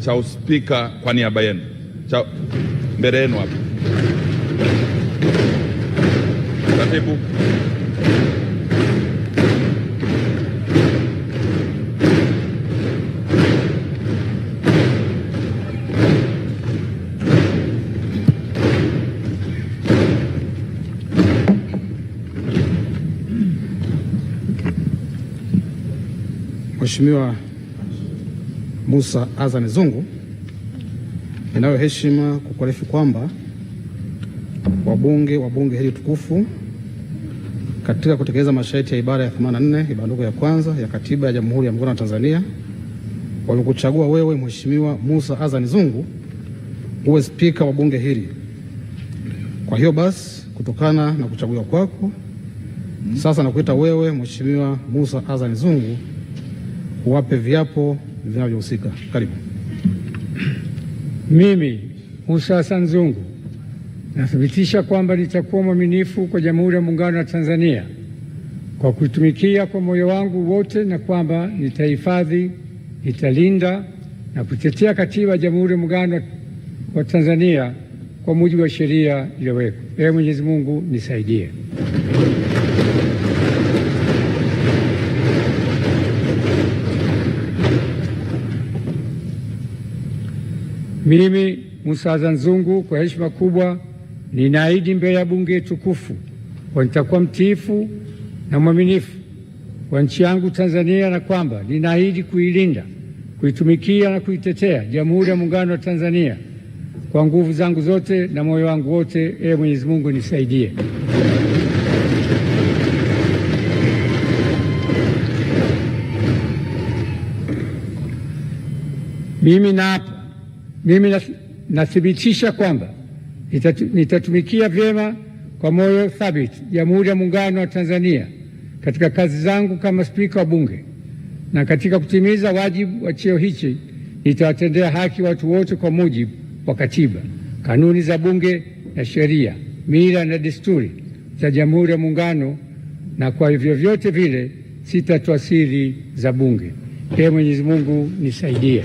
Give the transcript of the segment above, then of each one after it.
cha uspika kwa niaba yenu cha mbele yenu hapa. Katibu, Mheshimiwa Musa Azan Zungu, ninayo heshima kukuarifu kwamba wabunge wa bunge hili tukufu katika kutekeleza masharti ya ibara ya 84 ibanduko ya kwanza ya katiba ya Jamhuri ya Muungano wa Tanzania wamekuchagua wewe Mheshimiwa Musa Azan Zungu uwe spika wa bunge hili. Kwa hiyo basi, kutokana na kuchaguliwa kwako, sasa nakuita wewe Mheshimiwa Musa Azan Zungu uwape viapo vinavyohusika. Karibu. Mimi musa Hassan Zungu nathibitisha kwamba nitakuwa mwaminifu kwa Jamhuri ya Muungano wa Tanzania kwa kutumikia kwa moyo wangu wote, na kwamba nitahifadhi, nitalinda na kutetea Katiba ya Jamhuri ya Muungano wa Tanzania kwa mujibu wa sheria iliyowekwa. Ee Mwenyezi Mungu nisaidie. Mimi Musa Azzan Zungu kwa heshima kubwa ninaahidi mbele ya bunge tukufu kwa nitakuwa mtiifu na mwaminifu kwa nchi yangu Tanzania na kwamba ninaahidi kuilinda, kuitumikia na kuitetea Jamhuri ya Muungano wa Tanzania kwa nguvu zangu zote na moyo wangu wote. Ee Mwenyezi Mungu nisaidie. Mimi naapa mimi nathibitisha kwamba nitatumikia vyema kwa moyo thabiti Jamhuri ya Muungano wa Tanzania katika kazi zangu kama Spika wa Bunge, na katika kutimiza wajibu wa cheo hichi nitawatendea haki watu wote kwa mujibu wa Katiba, kanuni za Bunge na sheria, mila na desturi za Jamhuri ya Muungano, na kwa vyovyote vile sitatoa siri za Bunge. Ee Mwenyezi Mungu nisaidie.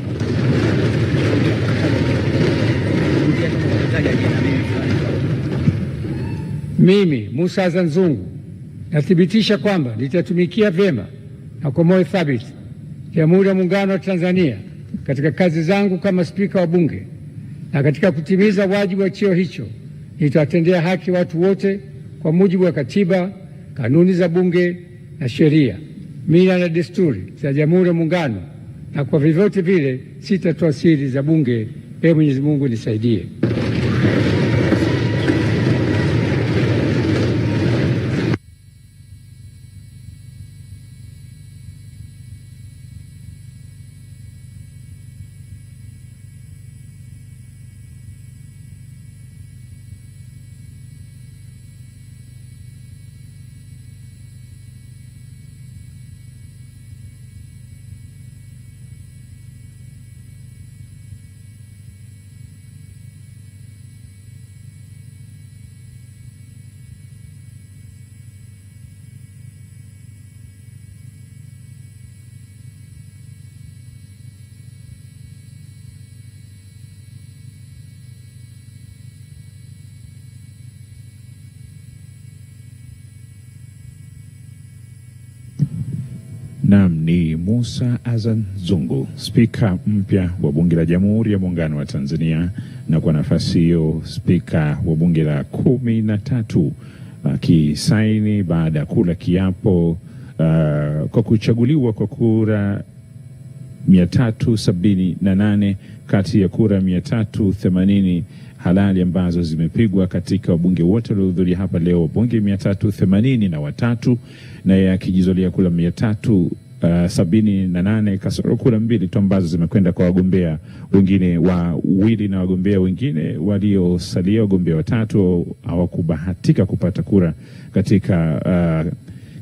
Mimi musa Azzan Zungu nathibitisha kwamba nitatumikia vyema na kwa moyo thabiti Jamhuri ya Muungano wa Tanzania katika kazi zangu kama Spika wa Bunge, na katika kutimiza wajibu wa cheo hicho nitawatendea haki watu wote kwa mujibu wa Katiba, kanuni za Bunge na sheria, mila na desturi za Jamhuri ya Muungano, na kwa vyovyote vile sitatoa siri za Bunge. Ee Mwenyezi Mungu nisaidie. Naam, ni musa azan Zungu, spika mpya wa bunge la Jamhuri ya Muungano wa Tanzania, na kwa nafasi hiyo spika wa bunge la kumi na tatu akisaini baada ya kula kiapo uh, kwa kuchaguliwa kwa kura nane kati ya kura themanini halali ambazo zimepigwa katika wabunge wote waliohudhuria hapa leo, wabunge mia tatu themanini na watatu, naye akijizolia kula mia tatu uh, sabini na nane kasoro kura mbili tu ambazo zimekwenda kwa wagombea wengine wawili na wagombea wengine waliosalia, wagombea watatu hawakubahatika kupata kura katika uh,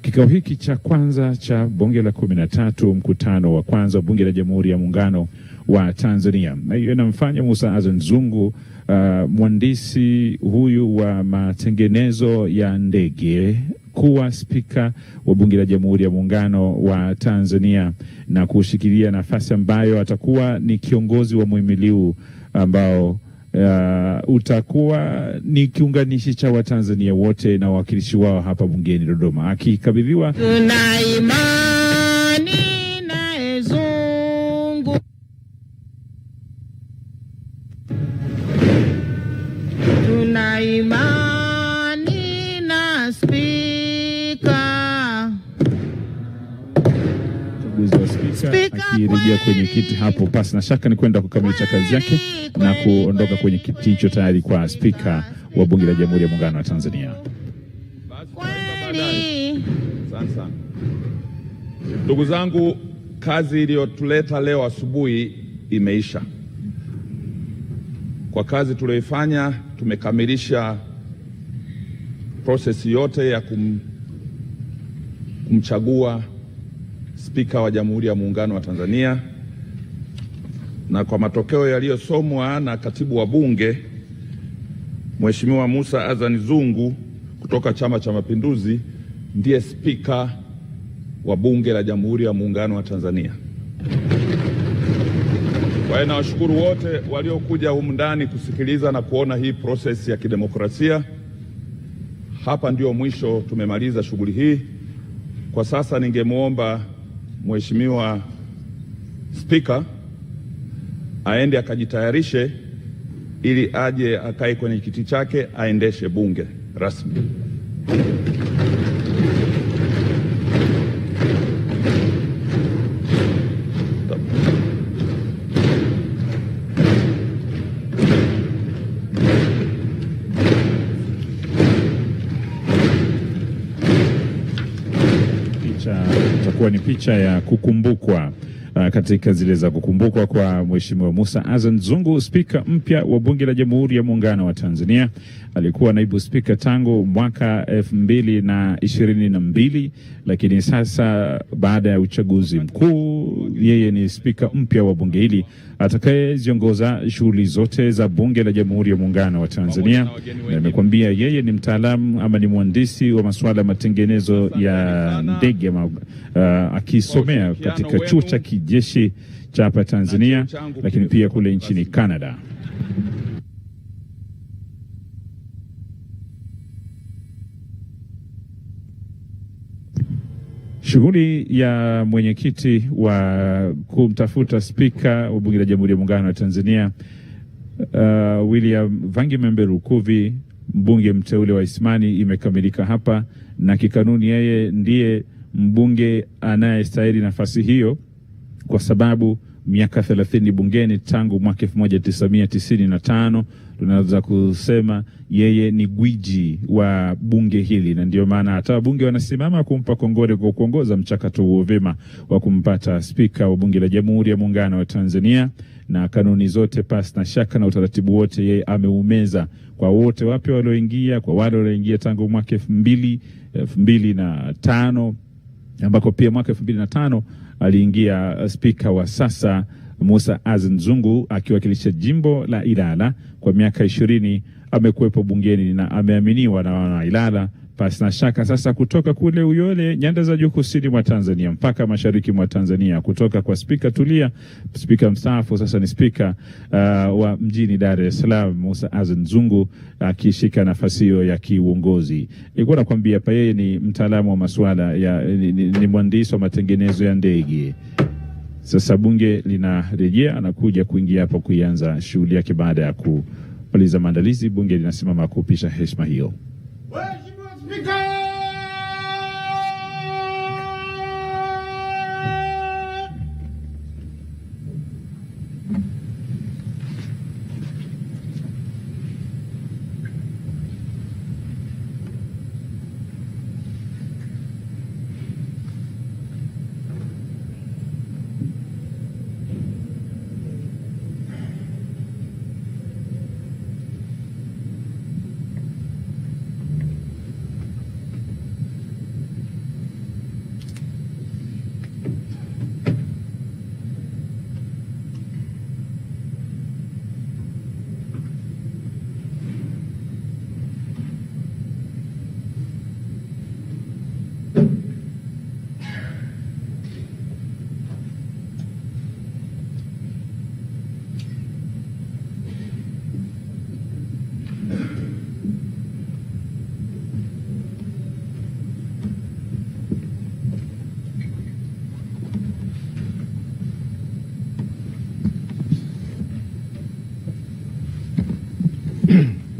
kikao hiki cha kwanza cha bunge la kumi na tatu, mkutano wa kwanza wa bunge la Jamhuri ya Muungano wa Tanzania. Na hiyo inamfanya Musa Azan Zungu uh, eh, mwandisi huyu wa matengenezo ya ndege kuwa spika wa bunge la Jamhuri ya Muungano wa Tanzania na kushikilia nafasi ambayo atakuwa ni kiongozi wa muhimiliu ambao Uh, utakuwa ni kiunganishi cha Watanzania wote na wawakilishi wao hapa bungeni Dodoma akikabidhiwa tunaima kuingia kwenye kiti hapo pasi na shaka ni kwenda kukamilisha kazi yake na kuondoka kwenye kiti hicho tayari kwa spika wa bunge la Jamhuri ya Muungano wa Tanzania. Ndugu zangu, kazi iliyotuleta leo asubuhi imeisha. Kwa kazi tuliyoifanya, tumekamilisha prosesi yote ya kum, kumchagua Spika wa Jamhuri ya Muungano wa Tanzania, na kwa matokeo yaliyosomwa na katibu wa Bunge Mheshimiwa musa Azan Zungu kutoka Chama cha Mapinduzi ndiye spika wa Bunge la Jamhuri ya Muungano wa Tanzania. Kwa hiyo nawashukuru wote waliokuja humu ndani kusikiliza na kuona hii proses ya kidemokrasia. Hapa ndio mwisho, tumemaliza shughuli hii. Kwa sasa ningemwomba Mheshimiwa Spika aende akajitayarishe ili aje akae kwenye kiti chake aendeshe bunge rasmi. itakuwa ni picha ya kukumbukwa uh, katika zile za kukumbukwa kwa Mheshimiwa musa azan Zungu, spika mpya wa Bunge la Jamhuri ya Muungano wa Tanzania. Alikuwa naibu spika tangu mwaka elfu mbili na ishirini na mbili, lakini sasa baada ya uchaguzi mkuu yeye ni spika mpya wa bunge hili atakayeziongoza shughuli zote za Bunge la Jamhuri ya Muungano wa Tanzania, na amekwambia yeye ni mtaalamu ama ni mhandisi wa masuala ya matengenezo ya ndege uh, akisomea katika chuo cha kijeshi cha hapa Tanzania, lakini pia kule nchini Canada. Shughuli ya mwenyekiti wa kumtafuta spika wa bunge la Jamhuri ya Muungano wa Tanzania uh, William Vangi Membe Lukuvi, mbunge mteule wa Isimani, imekamilika hapa, na kikanuni yeye ndiye mbunge anayestahili nafasi hiyo kwa sababu miaka thelathini bungeni tangu mwaka elfu moja tisamia tisini na tano. Tunaweza kusema yeye ni gwiji wa bunge hili, na ndio maana hata wabunge wanasimama kumpa kongole kwa kuongoza mchakato huo vema wa kumpata spika wa bunge la Jamhuri ya Muungano wa Tanzania, na kanuni zote pasi na shaka na utaratibu wote yeye ameumeza kwa wote wapya walioingia, kwa wale walioingia tangu mwaka elfu mbili elfu mbili na tano ambako pia mwaka elfu mbili na tano aliingia uh, spika wa sasa Musa Azan Zungu akiwakilisha jimbo la Ilala kwa miaka ishirini amekuwepo bungeni na ameaminiwa na wana Ilala Basi na shaka. Sasa kutoka kule Uyole, nyanda za juu kusini mwa Tanzania mpaka mashariki mwa Tanzania, kutoka kwa Spika Tulia, spika mstaafu, sasa ni spika uh, wa mjini Dar es Salaam, Musa Azan Zungu akishika uh, nafasi hiyo ya kiuongozi. Nilikuwa nakwambia hapa, yeye ni mtaalamu wa masuala ya, ni, ni, ni mwandishi wa matengenezo ya ndege sasa bunge linarejea na kuja kuingia hapo kuianza shughuli yake baada ya kumaliza maandalizi. Bunge linasimama kupisha heshima hiyo. Mheshimiwa Spika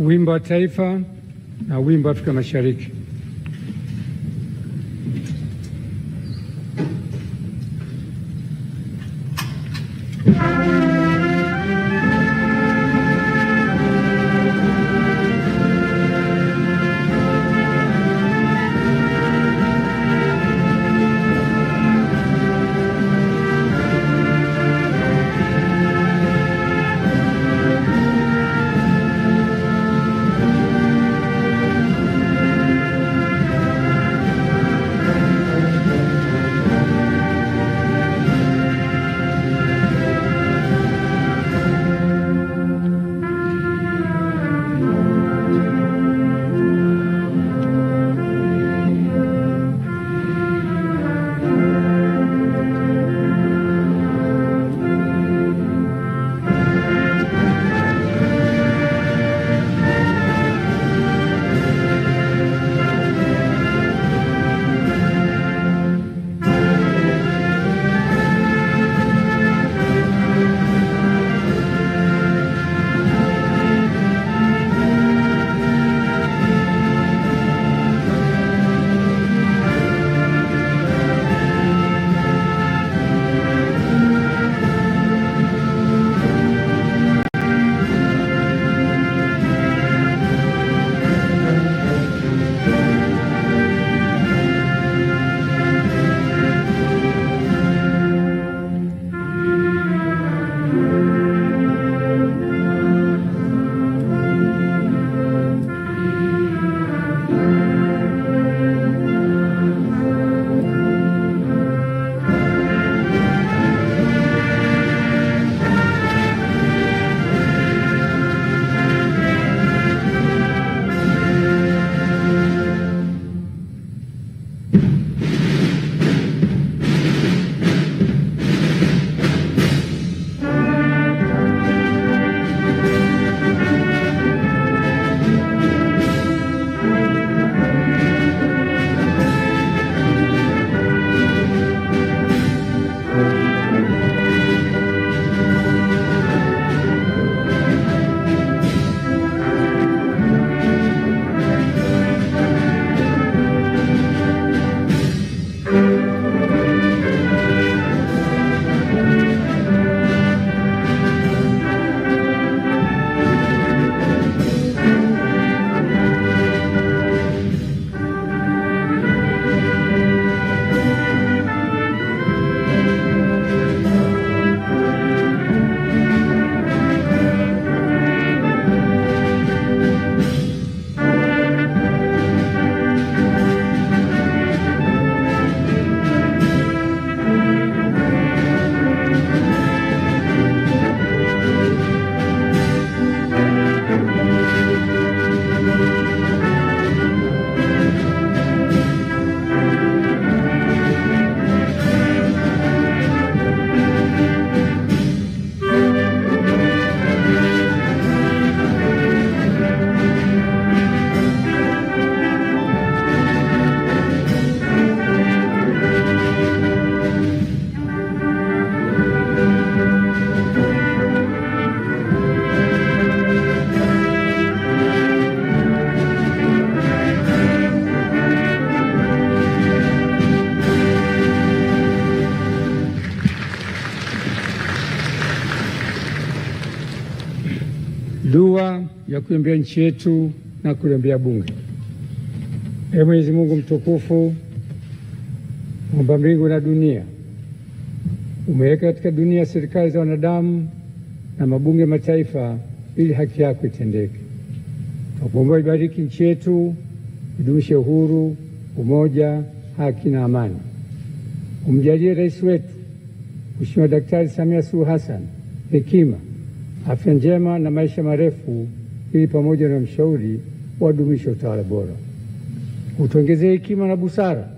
wimbo wa taifa na wimbo wa Afrika Mashariki. ya kuiombea nchi yetu na kuliombea bunge. Ee Mwenyezi Mungu mtukufu, muumba mbingu na dunia, umeweka katika dunia serikali za wanadamu na mabunge mataifa ili haki yako itendeke. Tunakuomba ibariki nchi yetu, idumishe uhuru, umoja, haki na amani. Umjalie rais wetu Mheshimiwa Daktari Samia Suluhu Hassan hekima, afya njema na maisha marefu ili pamoja na mshauri wadumishe utawala bora, utuongezee hekima na busara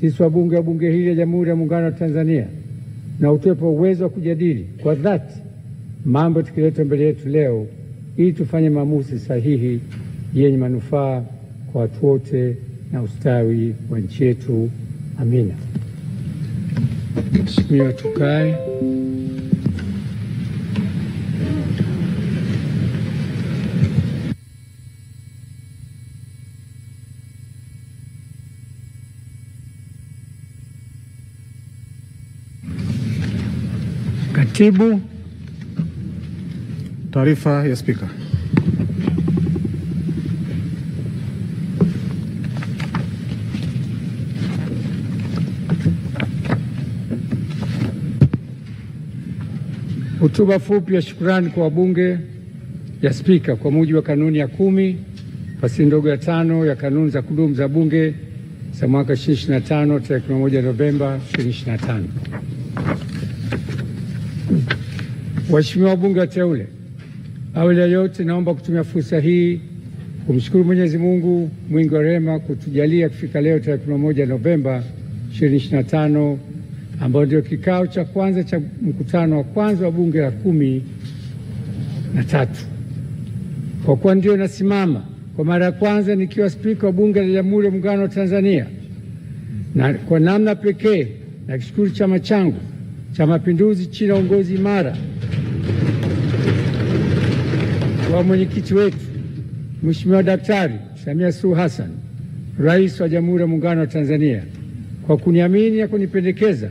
sisi wabunge wa bunge hili la Jamhuri ya Muungano wa Tanzania, na utuwepo uwezo wa kujadili kwa dhati mambo tukileta mbele yetu leo, ili tufanye maamuzi sahihi yenye manufaa kwa watu wote na ustawi wa nchi yetu. Amina. Mheshimiwa, tukae. Katibu, taarifa ya Spika. Hotuba fupi ya shukrani kwa wabunge ya Spika kwa mujibu wa kanuni ya kumi fasili ndogo ya tano ya kanuni za kudumu za Bunge za mwaka 2025 tarehe 1 Novemba 2025. Waheshimiwa wabunge wateule, awali ya yote, naomba kutumia fursa hii kumshukuru Mwenyezi Mungu mwingi wa rehema kutujalia kufika leo tarehe moja Novemba 2025 ambayo ndio kikao cha kwanza cha mkutano wa kwanza wa bunge la kumi na tatu. Kwa kuwa ndio nasimama kwa mara ya kwanza nikiwa spika wa bunge la Jamhuri ya Muungano wa Tanzania, na kwa namna pekee na kishukuru chama changu cha Mapinduzi chini ya uongozi imara wa mwenyekiti wetu Mheshimiwa Daktari Samia Suluhu Hassan, Rais wa Jamhuri ya Muungano wa Tanzania, kwa kuniamini na kunipendekeza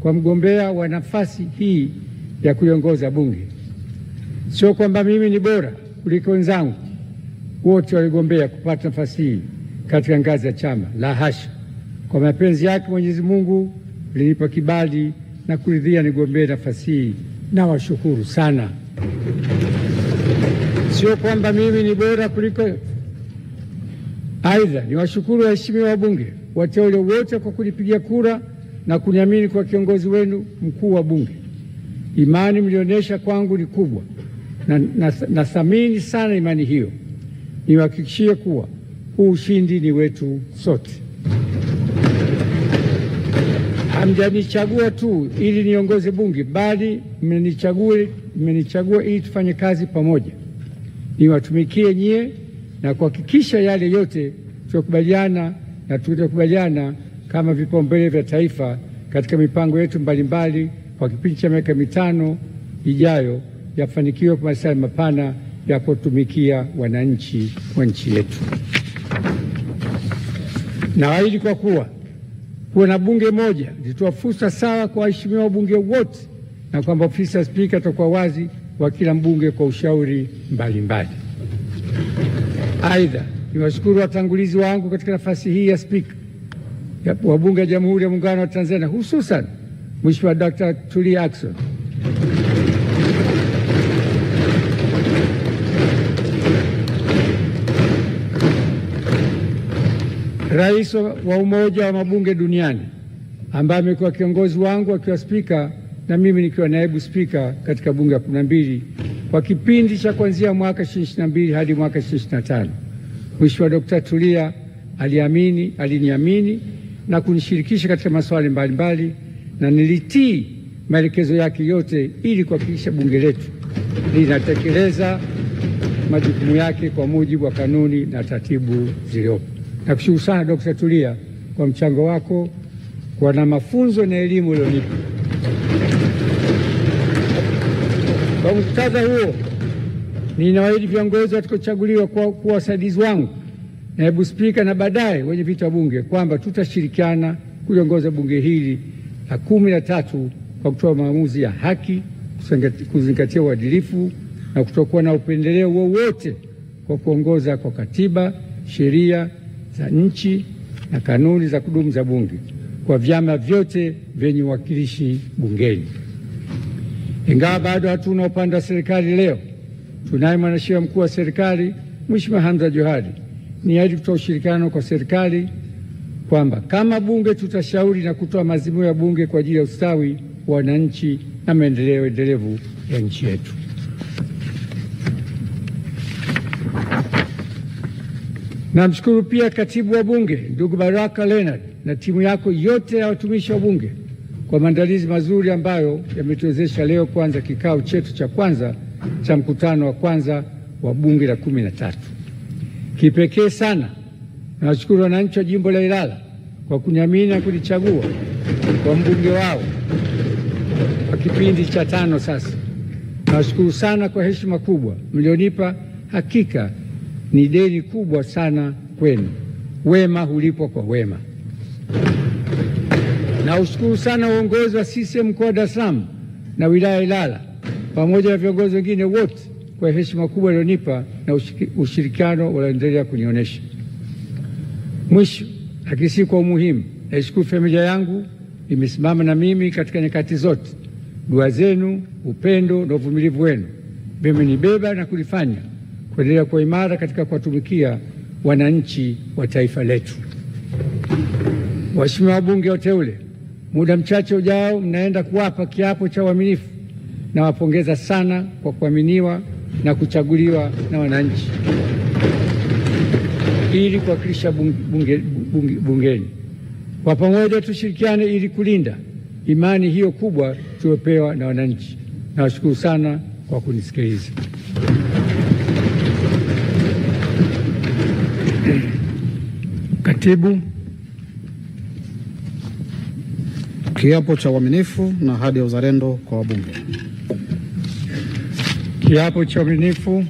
kwa mgombea wa nafasi hii ya kuiongoza Bunge. Sio kwamba mimi ni bora kuliko wenzangu wote waligombea kupata nafasi hii katika ngazi ya chama, la hasha. Kwa mapenzi yake Mwenyezi Mungu alinipa kibali na kuridhia nigombee nafasi hii, nawashukuru sana sio kwamba mimi ni bora kuliko. Aidha, niwashukuru waheshimiwa wabunge wateule wote kwa kunipigia kura na kuniamini kwa kiongozi wenu mkuu wa Bunge. Imani mlionyesha kwangu ni kubwa na nathamini na sana imani hiyo. Niwahakikishie kuwa huu ushindi ni wetu sote. Hamjanichagua tu ili niongoze Bunge, bali mmenichagua ili tufanye kazi pamoja niwatumikie nyie na kuhakikisha yale yote tutakubaliana na tutakubaliana kama vipaumbele vya taifa katika mipango yetu mbalimbali mbali, kwa kipindi cha miaka mitano ijayo yafanikiwe kwa maslahi mapana ya kutumikia wananchi wa nchi yetu. Naahidi kwa kuwa kuwa na bunge moja litoa fursa sawa kwa waheshimiwa wabunge wote na kwamba ofisi ya Spika itakuwa wazi wa kila mbunge kwa ushauri mbalimbali. Aidha, niwashukuru watangulizi wangu katika nafasi hii ya spika wa Bunge la Jamhuri ya Muungano wa Tanzania, hususan Mheshimiwa Dr. Tulia Ackson rais wa Umoja wa Mabunge Duniani ambaye amekuwa kiongozi wangu akiwa spika na mimi nikiwa naibu spika katika bunge la kumi na mbili kwa kipindi cha kuanzia mwaka 2022 hadi mwaka 2025. Mheshimiwa Dkt. Tulia aliamini, aliniamini na kunishirikisha katika masuala mbalimbali na nilitii maelekezo yake yote ili kuhakikisha bunge letu linatekeleza majukumu yake kwa mujibu wa kanuni na taratibu zilizopo. Nakushukuru sana Dkt. Tulia kwa mchango wako kwa na mafunzo na elimu ulionipa. Kwa muktadha huo, ninawaahidi viongozi watakaochaguliwa kuwa wasaidizi wangu, naibu spika na baadaye wenye viti wa bunge kwamba tutashirikiana kuliongoza bunge hili la kumi na tatu kwa kutoa maamuzi ya haki, kuzingatia uadilifu na kutokuwa na upendeleo wowote, kwa kuongoza kwa katiba, sheria za nchi na kanuni za kudumu za bunge kwa vyama vyote vyenye uwakilishi bungeni. Ingawa bado hatuna upande wa serikali leo, tunaye mwanasheria mkuu wa serikali Mheshimiwa Hamza Johari. Ni ahidi kutoa ushirikiano kwa serikali kwamba kama bunge tutashauri na kutoa maazimio ya bunge kwa ajili ya ustawi wa wananchi na maendeleo endelevu ya nchi yetu. Namshukuru pia katibu wa bunge ndugu Baraka Leonard na timu yako yote ya watumishi wa bunge kwa maandalizi mazuri ambayo yametuwezesha leo kuanza kikao chetu cha kwanza cha mkutano wa kwanza wa Bunge la kumi na tatu. Kipekee sana nawashukuru wananchi wa jimbo la Ilala kwa kuniamini na kunichagua kwa mbunge wao kwa kipindi cha tano sasa. Nawashukuru sana kwa heshima kubwa mlionipa, hakika ni deni kubwa sana kwenu. Wema hulipwa kwa wema. Naushukuru sana uongozi wa CCM mkoa wa Dar es Salaam na wilaya Ilala pamoja na viongozi wengine wote kwa heshima kubwa walionipa na ushirikiano walioendelea kunionyesha. Mwisho lakini si kwa umuhimu, naishukuru familia yangu imesimama na mimi katika nyakati zote. Dua zenu, upendo na uvumilivu wenu vimenibeba na kulifanya kuendelea kuwa imara katika kuwatumikia wananchi wa taifa letu. Waheshimiwa wabunge wateule Muda mchache ujao mnaenda kuwapa kiapo cha uaminifu. Nawapongeza sana kwa kuaminiwa na kuchaguliwa na wananchi ili kuwakilisha bunge, bunge, bungeni. Kwa pamoja tushirikiane ili kulinda imani hiyo kubwa tuliopewa na wananchi. Nawashukuru sana kwa kunisikiliza. Katibu. Kiapo cha uaminifu na ahadi ya uzalendo kwa wabunge. Kiapo cha uaminifu.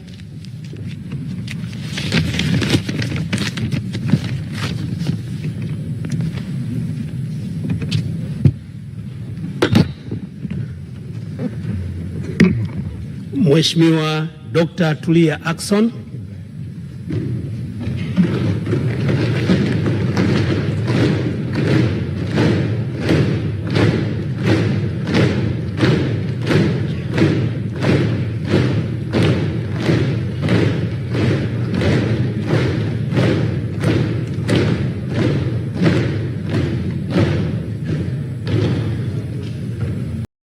Mheshimiwa Dr. Tulia Ackson